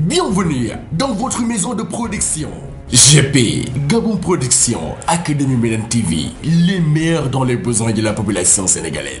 Bienvenue dans votre maison de production. GP Gabon Production Académie Médène TV les meilleurs dans les besoins de la population sénégalaise.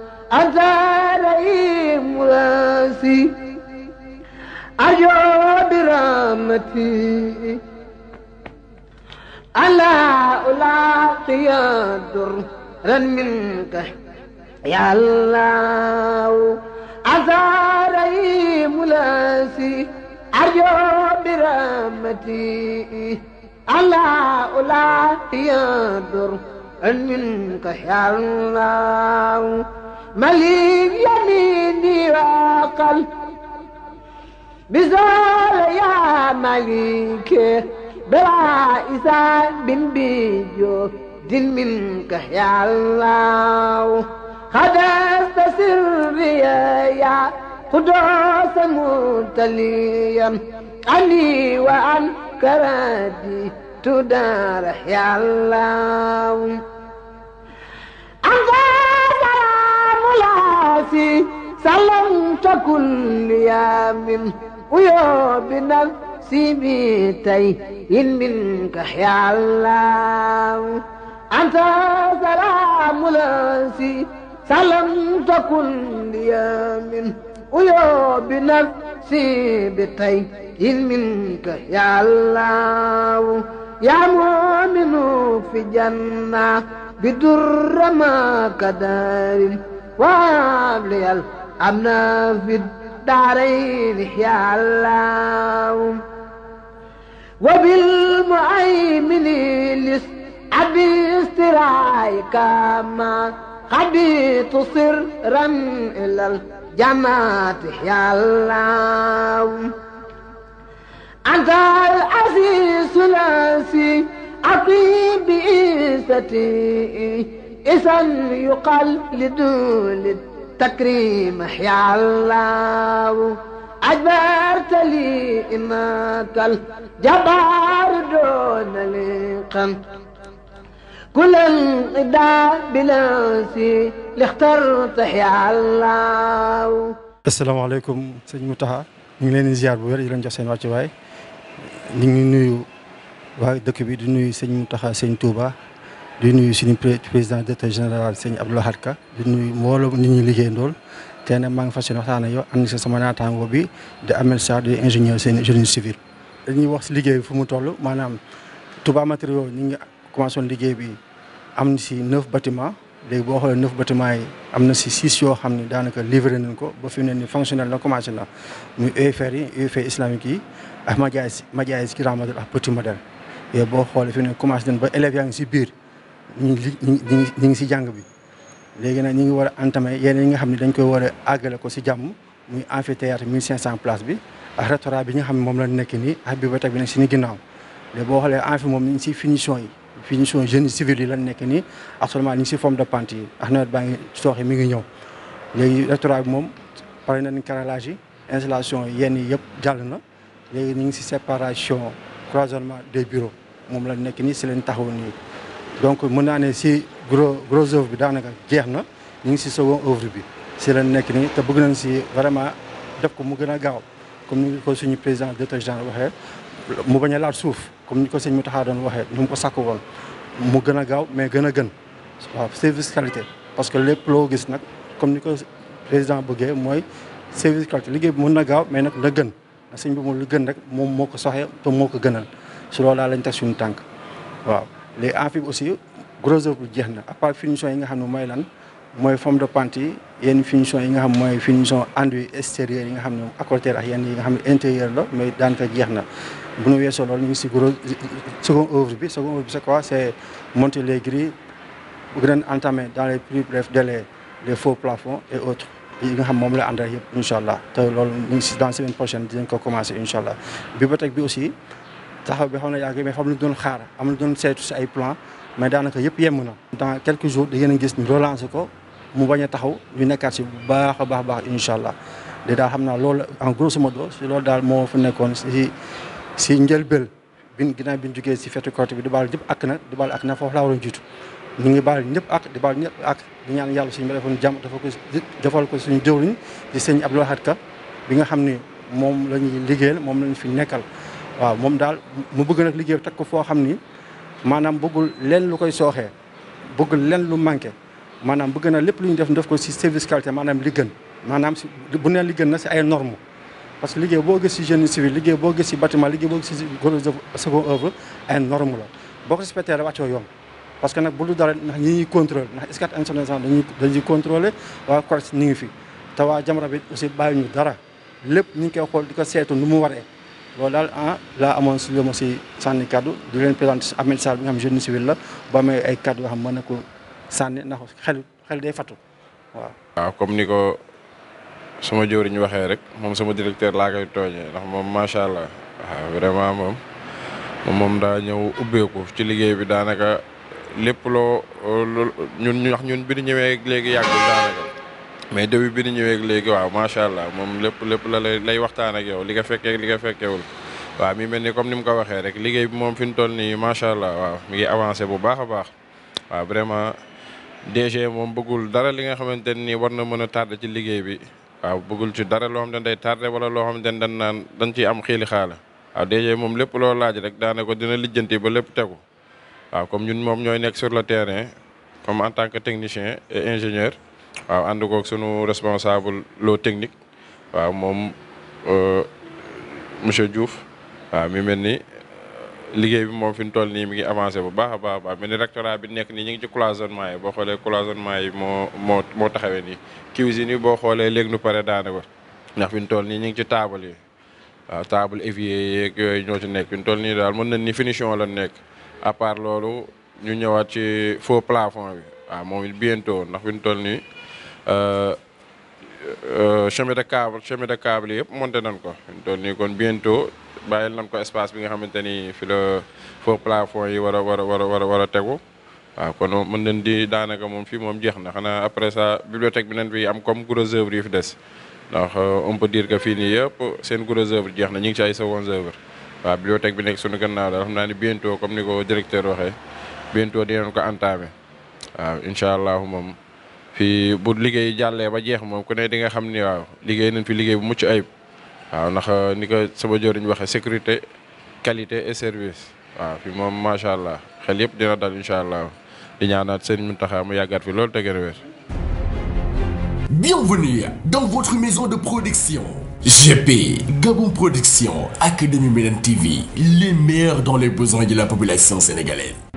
أزاري مراسي أجو برامتي ألا ألاقي درا منك يا الله أزاري ملاسي أجو برامتي ألا ألاقي درا منك يا الله مليم يميني وقل بزول يا مليك بلا إسان بن بيجو دين منك يا الله خدست سري يا قدوس متليا عني وعن كرادي تدار يا الله نفسي سلمت كل يوم ويا بنفسي بيتي إن منك يا الله أنت سلام لاسي سلمت كل يوم ويا بنفسي بيتي إن منك يا الله يا مؤمن في جنة بدر ما كدار وابلي الأمن في الدارين يا الله وبالمؤمن لس أبي استرايك ما قبيت سرا إلى الجماعة يا الله أنت العزيز الأسي أطيب إيستي إذا يقال لدول التكريم يا الله أجبرت لي إماك الجبار دون لقم كل انقضاء بلاسي اللي اخترت يا الله asalaamaaleykum sëñ Mountakha ñu ngi leen di ziar bu wér di leen jox seen wàccuwaay ñu ngi nuyu waa dëkk bi di nuyu sëñ Mountakha sëñ Touba di nuyu suñu président directeur général sëñ Abdou Lahad Ka di nuyu mbooloo nit ñi liggéey ndool tey maa ngi fas yéene waxtaan am na si sama naataango bi di Amel Sarr di ingénieur seen génie civil. dañuy wax si liggéey fu mu toll maanaam Touba Matériaux ñu ngi commencé woon liggéey bi am na si neuf bâtiment léegi boo xoolee neuf bâtiment yi am na si six yoo xam ne daanaka livré nañ ko ba fi mu ne nii fonctionnel na commencé na muy UFR e yi UFR e islamique yi ak Madiaïs Madiaïs Grand Modèle ak Petit Modèle yooyu boo xoolee fi mu ne commencé nañ ngi si biir. ñu ngi ñu ngi si jàng bi léegi nag ñu ngi war a entamé yeneen yi nga xam ne dañ koy war a àggale ko si jàmm muy amphithéâtre 1500 place bi ak restaurant bi nga xam ne moom la nekk nii ak bibliothèque bi nag suñu ginnaaw léegi boo xoolee amphi moom ñu ngi si finition yi finition génie civil yi lañ nekk nii actuellement ñu ngi si forme de pente yi ak nawet baa ngi sooxe mi ngi ñëw léegi restaurant bi moom pare nañ carrelage yi installation yenn yi yëpp jàll na léegi ñu ngi si séparation cloisonnement des bureaux moom la nekk nii si leen taxaw nii donc mën naa ne si gros gros œuvre bi daanaka jeex na ñu ngi si second œuvre bi si la nekk nii te bëgg nañ si vraiment def ko mu gën a gaaw comme ni ko suñu président directeur général waxee mu bañ laat suuf comme ni ko sëñ Mountakha doon waxee ni mu ko sàkk woon mu gën a gaaw mais gën a gën waaw service qualité parce que lépp loo gis nag comme ni ko président bëggee mooy service qualité liggéey bi mën na gaaw mais nag na gën sëñ bi moom lu gën rek moom moo ko soxee te moo ko gënal si loolu daal lañ teg suñu tànk waaw les amphibes aussi gros œuvre bi jeex na à part finition yi nga xam ne mooy lan mooy forme de pente yi yenn finition yi nga xam mooy finition enduit extérieur yi nga xam ne accorder ak yenn yi nga xam ne intérieur la mais daanaka jeex na bu ñu weesoo loolu ñu ngi si gros second œuvre bi second œuvre bi c'est quoi c'est monter les grilles gën a entamer dans les plus brefs délais les faux xam moom la àndal yëpp incha allah te loolu ñu ngi si dans semaine prochaine dinañ ko commencer incha allah bibliothèque bi aussi taxaw bi xam na yàgg mais fa am doon xaar am lu doon saytu si ay plan mais daanaka yëpp yem na. dans quelques jours da ngeen gis ni relancer ko mu bañ a taxaw ñu nekkaat si bu baax a baax baax incha allah de daa xam na loolu en grosso modo si loolu daal moo fa nekkoon si si njëlbéel bin ginnaaw bi jugee si fetu côté bi di baal ñëpp ak na di ak na foofu laa war a jiitu ñu ngi baal ñëpp ak ñëpp ak di ñaan yàlla suñu téléphone jàmm dafa ko defal ko suñu jëwriñ di sëñ Abdou Lahad Ka bi nga xam ni moom la ñuy liggéeyal moom la ñu fi nekkal. waaw moom daal mu bëgg nag liggéey teg ko foo xam ni maanaam bëggul leen lu koy sooxee bëggul leen lu manqué maanaam bëgg na lépp lu ñu def def ko si service qualité maanaam li gën maanaam si bu neen li gën na si ay normes parce que liggéey boo gis si génie civil liggéey boo gis si bâtiment liggéey boo gis si gros second œuvre ay normes la boo ko respecté rek wàccoo yoon parce que nag bu dul dara ndax ñi ñuy contrôlé ndax SCAT international dañuy dañuy contrôlé waa ngi fi te waa Jamra bi aussi bàyyi ñu dara lépp ñu ngi koy xool di ko seetu nu mu waree loolu daal ah laa amoon si lu ma si sànni kaddu di leen présenter Ahmed Sarr bi nga xam génie civil la ba amee ay kaddu yoo xam mën na ko sànni ndax xel xel day fàttu waaw. waaw comme ni ko sama jëwriñ waxee rek moom sama directeur laa koy tooñee ndax moom macha allah waaw vraiment moom moom daa ñëw ubbeeku ci liggéey bi daanaka lépp loo ñun ñu wax ñun bi ñu ñëwee léegi yàggul daanaka. mais début bi ni ñëwee léegi waaw macha allah moom lépp lépp la lay waxtaan ak yow li nga fekkee li nga fekkewul waaw mi mel ni comme ni mu ko waxee rek liggéey bi moom fi mu toll nii macha allah waaw mi ngi avancé bu baax a baax waaw vraiment DG moom bëggul dara li nga xamante ni war na mën a tardé ci liggéey bi waaw bëggul ci dara loo xam ne day tardé wala loo xam ne dañ naan dañ ciy am xiili xaala waaw DG moom lépp loo laaj rek daana ko dina lijjanti ba lépp tegu waaw comme ñun moom ñooy nekk sur le terrain comme en tant que technicien et ingénieur. waaw ànd kook sunu responsable loo technique waaw moom euh, monsieur Diouf waaw mi mel ni euh, liggéey bi moom fi mu toll nii mi ngi avancé bu baax a baax a baax mel ni rectorat bi nekk nii ñu ngi ci cloisonnement yi boo xoolee cloisonnement yi moo moo moo taxawee nii cuisine yi boo xoolee léegi nu pare daanaka ndax fi mu toll nii ñu ngi ci table yi waaw table évier yeeg yooyu ñoo ci nekk fi mu nii daal mën nañ ni finition la nekk à part loolu ñu ñëwaat ci faux plafond bi waaw moom it bientôt ndax fi mu nii. Euh, euh, chemin de câble chemin de câble yëpp monté nañ ko doon nii kon bientôt bàyyil nañ ko espace bi nga xamante ni fi la faux yi war a war a war a war a war a tegu waaw kon mën nañ di daanaka moom fii moom jeex na xanaa après ça bibliothèque bi nañ fi am comme gros œuvre yi fi des ndax euh, on peut dire que fii nii yëpp seen gros œuvre jeex na ñu ngi ci ay secondes œuvres waaw bibliothèque bi nekk suñu gannaaw daal xam naa ni bientôt comme ni ko directeur waxee bientôt dinañ ko entamé waaw incha allah moom fii bu liggéey jàllee ba jeex moom ku ne di nga xam ni waaw liggéey nañ fi liggéey bu mucc ayib waaw ndax euh, ni ko sama jëriñ waxee sécurité qualité et service waaw fi moom macha allah xel yëpp dina dal incha allah di ñaanaat seen Muntaxa mu yàggaat fi loolu tëgër wér. Bienvenue dans votre maison de production. GP, Gabon Production, Académie Médine TV, les meilleurs dans les besoins de la population sénégalaise.